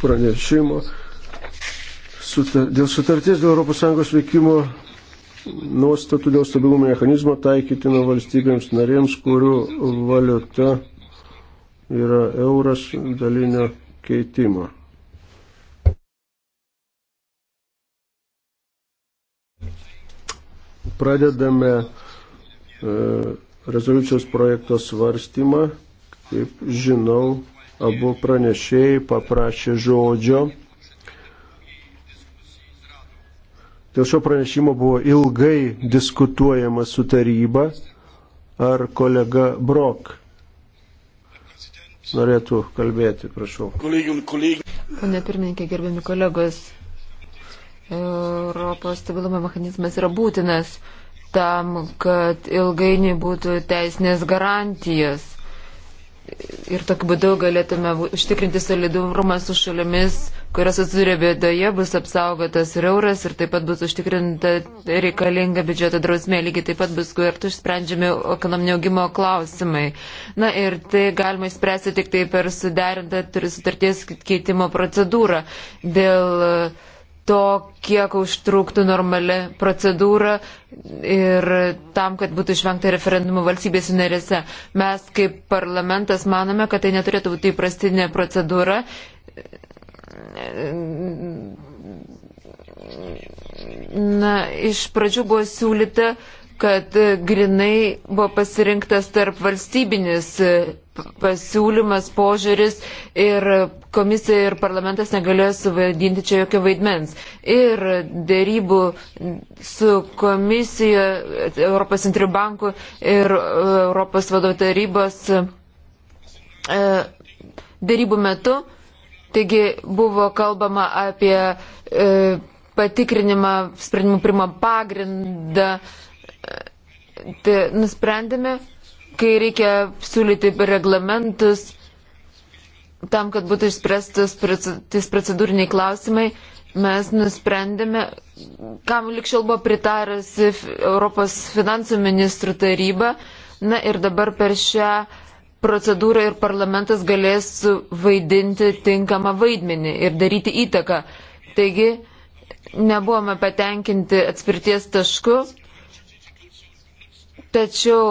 pranešimo sutar, dėl sutarties dėl ES veikimo nuostatų dėl stabilumo mechanizmo taikytino valstybėms narėms, kurių valiuta yra euras dalinio keitimo. Pradedame e, rezoliucijos projekto svarstymą. Kaip žinau, abu pranešėjai paprašė žodžio. Dėl šio pranešimo buvo ilgai diskutuojama su taryba. Ar kolega Brok norėtų kalbėti, prašau. Pane pirmininkė, gerbiami kolegos, Europos stabilumo mechanizmas yra būtinas tam, kad ilgainiui būtų teisinės garantijos ir tokiu būdu galėtume užtikrinti solidumą su šalimis, kurios atsidūrė bėdoje, bus apsaugotas ir euras ir taip pat bus užtikrinta reikalinga biudžeto drausmė, lygiai taip pat bus kartu išsprendžiami ekonominio augimo klausimai. Na ir tai galima išspręsti tik tai per suderintą sutarties keitimo procedūrą dėl uh, to, kiek užtruktų normali procedūra ir tam, kad būtų išvengta referendumų valstybės narėse. Mes kaip parlamentas manome, kad tai neturėtų būti įprastinė procedūra. Na, iš pradžių buvo siūlyta, kad grinai buvo pasirinktas tarp valstybinis pasiūlymas, požiūris ir komisija ir parlamentas negalėjo suvaidinti čia jokio vaidmens. Ir dėrybų su komisija, Europos centrių bankų ir e, Europos vadovų tarybos e, dėrybų metu, taigi buvo kalbama apie e, patikrinimą sprendimų primą pagrindą. Tai nusprendėme, kai reikia siūlyti reglamentus tam, kad būtų išspręstas procedūriniai klausimai, mes nusprendėme, kam likščiau buvo pritarusi Europos finansų ministrų taryba. Na ir dabar per šią procedūrą ir parlamentas galės vaidinti tinkamą vaidmenį ir daryti įtaką. Taigi nebuvome patenkinti atspirties tašku, tačiau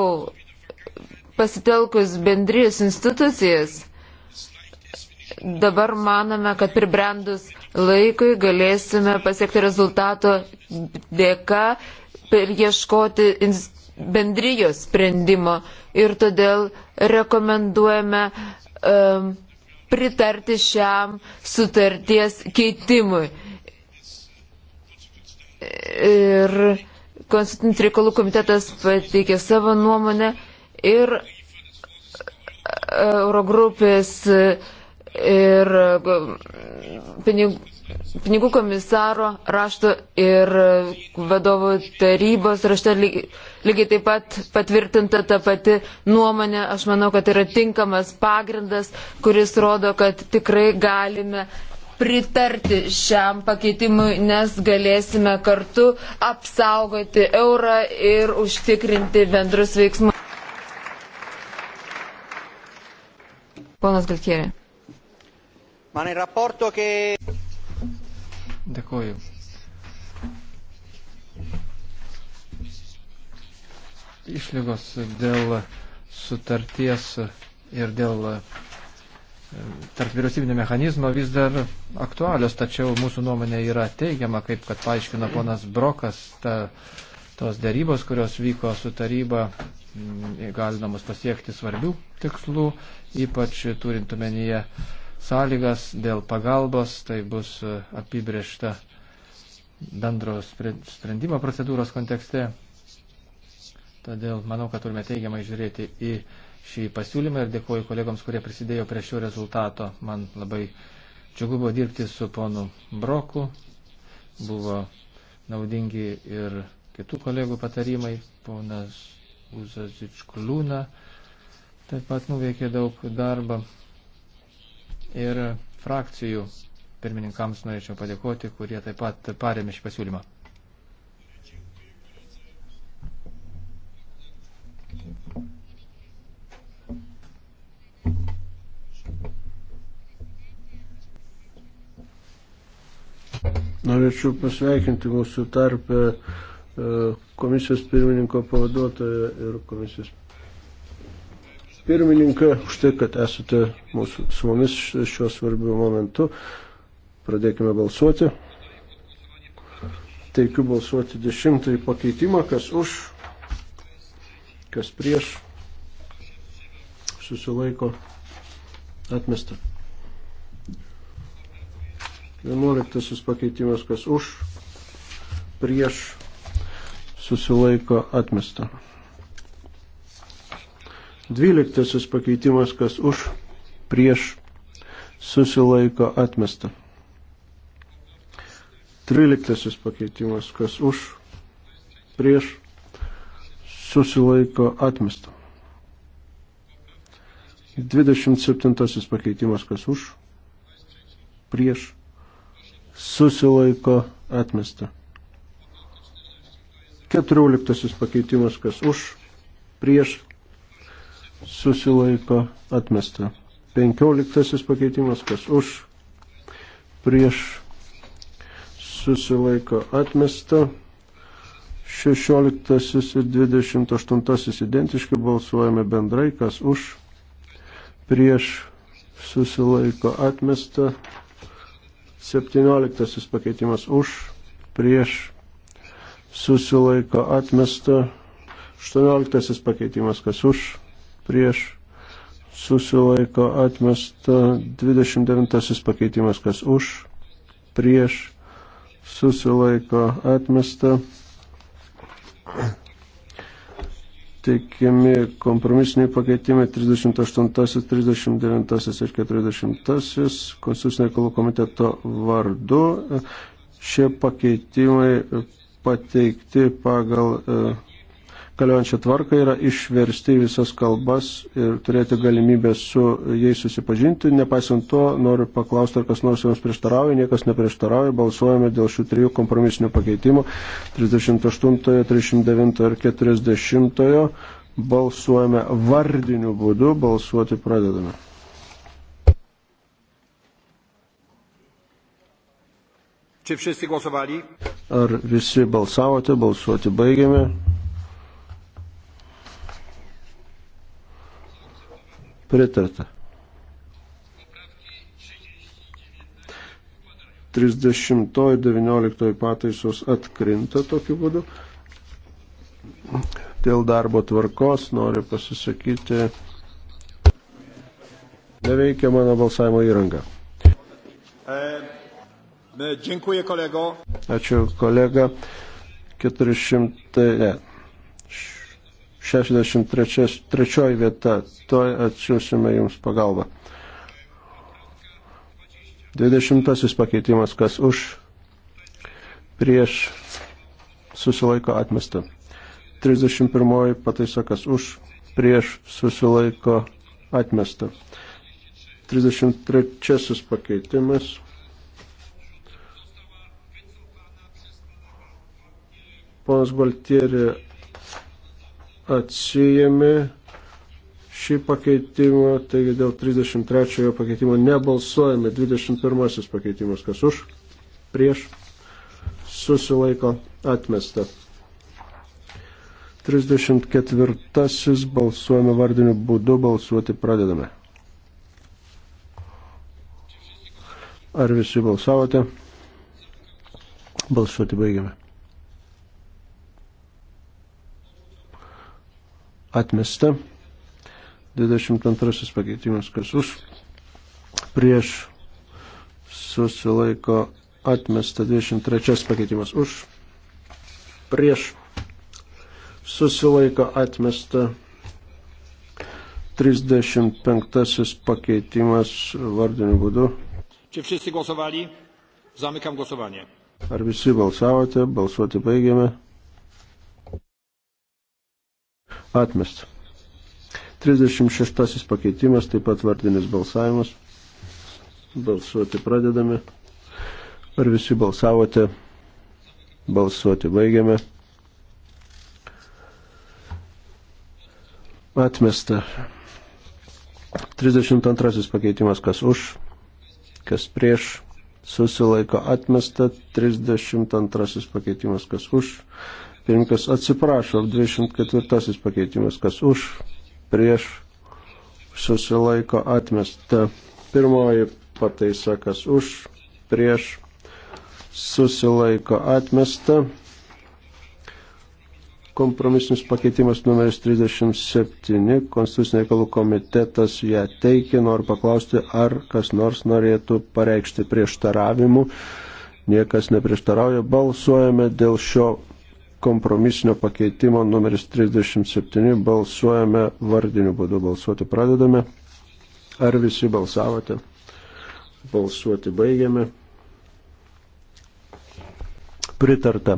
pasitelkus bendrijos institucijas, dabar manome, kad pribrendus laikui galėsime pasiekti rezultato dėka ir ieškoti bendrijos sprendimo. Ir todėl rekomenduojame um, pritarti šiam sutarties keitimui. Ir Konstitucinis reikalų komitetas pateikė savo nuomonę ir e, Eurogrupės e, ir e, pinigų komisaro rašto ir vadovų tarybos rašte lygiai, lygiai taip pat patvirtinta ta pati nuomonė. Aš manau, kad yra tinkamas pagrindas, kuris rodo, kad tikrai galime pritarti šiam pakeitimui, nes galėsime kartu apsaugoti eurą ir užtikrinti bendrus veiksmus. Ponas Galtieri. Man yra raporto, kai. Dėkuoju. Išlygos dėl sutarties ir dėl e, tarp vyriausybinio mechanizmo vis dar aktualios, tačiau mūsų nuomonė yra teigiama, kaip kad paaiškino ponas Brokas, ta tos darybos, kurios vyko su taryba, mm, galina mus pasiekti svarbių tikslų, ypač turint omenyje sąlygas dėl pagalbos, tai bus e, apibriešta bendro sprendimo procedūros kontekste. Todėl manau, kad turime teigiamai žiūrėti į šį pasiūlymą ir dėkuoju kolegoms, kurie prisidėjo prie šio rezultato. Man labai džiugu buvo dirbti su ponu Broku, buvo naudingi ir kitų kolegų patarimai, ponas Uzazičklūna taip pat nuveikė daug darbą ir frakcijų pirmininkams norėčiau padėkoti, kurie taip pat parėmė šį pasiūlymą. Norėčiau pasveikinti mūsų tarpę E, komisijos pirmininko pavaduotoją ir komisijos pirmininką už tai, kad esate mūsų, su mumis šiuo svarbiu momentu. Pradėkime balsuoti. Teikiu balsuoti dešimtąjį pakeitimą, kas už, kas prieš, susilaiko, atmesta. Vienuoliktasis pakeitimas, kas už, prieš, susilaiko atmesta. Dvyliktasis pakeitimas, kas už, prieš, susilaiko atmesta. Tryliktasis pakeitimas, kas už, prieš, susilaiko atmesta. Dvidešimt septintasis pakeitimas, kas už, prieš, susilaiko atmesta. Keturioliktasis pakeitimas, kas už, prieš, susilaiko, atmesta. Penkioliktasis pakeitimas, kas už, prieš, susilaiko, atmesta. Šešioliktasis ir dvidešimt aštuntasis identiškai balsuojame bendrai, kas už, prieš, susilaiko, atmesta. Septynioliktasis pakeitimas už, prieš, susilaiko atmesta. 18 pakeitimas, kas už, prieš, susilaiko atmesta. 29 pakeitimas, kas už, prieš, susilaiko atmesta. Teikiami kompromisiniai pakeitimai 38, 39 ir 40 konstitucinio reikalų komiteto vardu. Šie pakeitimai pateikti pagal e, galiojančią tvarką yra išversti visas kalbas ir turėti galimybę su jais susipažinti. Nepaisant to, noriu paklausti, ar kas nors jums prieštarauja, niekas neprieštarauja, balsuojame dėl šių trijų kompromisinių pakeitimų 38, 39 ir 40. Balsuojame vardiniu būdu, balsuoti pradedame. Czy wszyscy głosowali? Ar visi balsavote? Balsuoti baigiame. Pritarta. 30 ir 19 pataisos atkrinta tokiu būdu. Dėl darbo tvarkos noriu pasisakyti. Neveikia mano balsavimo įranga. E... E, dziękuję kolego. Ačiū kolega. 400, ne, 63 vieta. Tuoj atsiūsime jums pagalbą. 20 pakeitimas, kas už, prieš, susilaiko atmesta. 31 pataisa, kas už, prieš, susilaiko atmesta. 33 pakeitimas Ponas Baltieri atsijėmė šį pakeitimą, taigi dėl 33 pakeitimo nebalsuojame. 21 pakeitimas, kas už, prieš, susilaiko atmesta. 34 balsuojame vardiniu būdu, balsuoti pradedame. Ar visi balsavote? Balsuoti baigiame. atmesta. 22 pakeitimas, kas už, prieš susilaiko atmesta. 23 pakeitimas už, prieš susilaiko atmesta. 35 pakeitimas vardiniu būdu. Čia visi balsavali? Zamykam balsavanie. Ar visi balsavote? Balsuoti baigiame atmestas. 36 pakeitimas, taip pat vardinis balsavimas. Balsuoti pradedame. Ar visi balsavote? Balsuoti baigiame. Atmesta. 32 pakeitimas, kas už, kas prieš, susilaiko atmesta. 32 pakeitimas, kas už, Pirmininkas atsiprašo, 24 pakeitimas, kas už, prieš, susilaiko atmesta. Pirmoji pataisa, kas už, prieš, susilaiko atmesta. Kompromisinis pakeitimas numeris 37. Konstitucinio reikalų komitetas ją teikia. Noriu paklausti, ar kas nors norėtų pareikšti prieštaravimų. Niekas neprieštarauja. Balsuojame dėl šio kompromisinio pakeitimo numeris 37 balsuojame vardiniu būdu. Balsuoti pradedame. Ar visi balsavote? Balsuoti baigiame. Pritarta.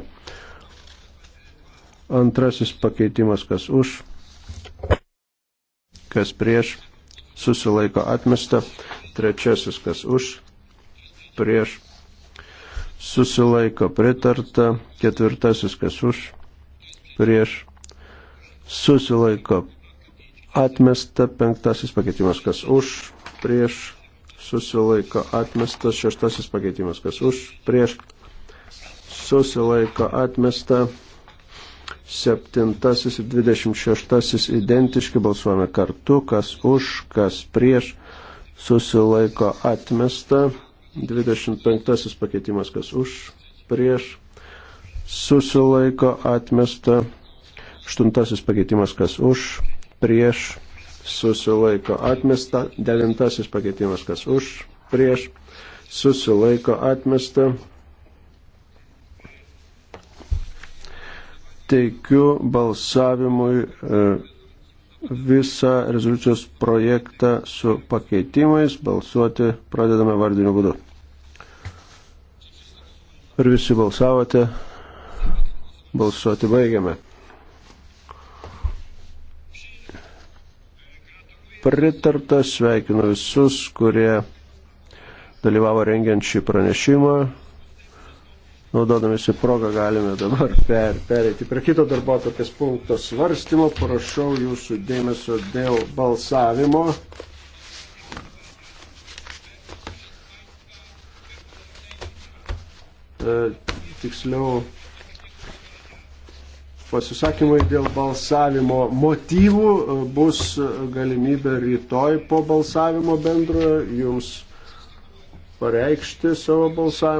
Antrasis pakeitimas, kas už, kas prieš, susilaiko atmesta. Trečiasis, kas už, prieš, susilaiko pritarta, ketvirtasis kas už, prieš, susilaiko atmesta, penktasis pakeitimas kas už, prieš, susilaiko atmesta, šeštasis pakeitimas kas už, prieš, susilaiko atmesta, septintasis ir dvidešimt šeštasis identiški, balsuojame kartu, kas už, kas prieš, susilaiko atmesta. 25 pakeitimas, kas už, prieš, susilaiko atmesta. 8 pakeitimas, kas už, prieš, susilaiko atmesta. 9 pakeitimas, kas už, prieš, susilaiko atmesta. Teikiu balsavimui. E, visą rezoliucijos projektą su pakeitimais. Balsuoti pradedame vardiniu būdu. Ar visi balsavote? Balsuoti baigiame. Pritarta, sveikinu visus, kurie dalyvavo rengiant šį pranešimą. Naudodamėsi progą galime dabar per, pereiti prie kito darbo tokias punkto svarstymo. Prašau jūsų dėmesio dėl balsavimo. E, tiksliau pasisakymai dėl balsavimo motyvų e, bus e, galimybė rytoj po balsavimo bendrojo jums pareikšti savo balsavimą.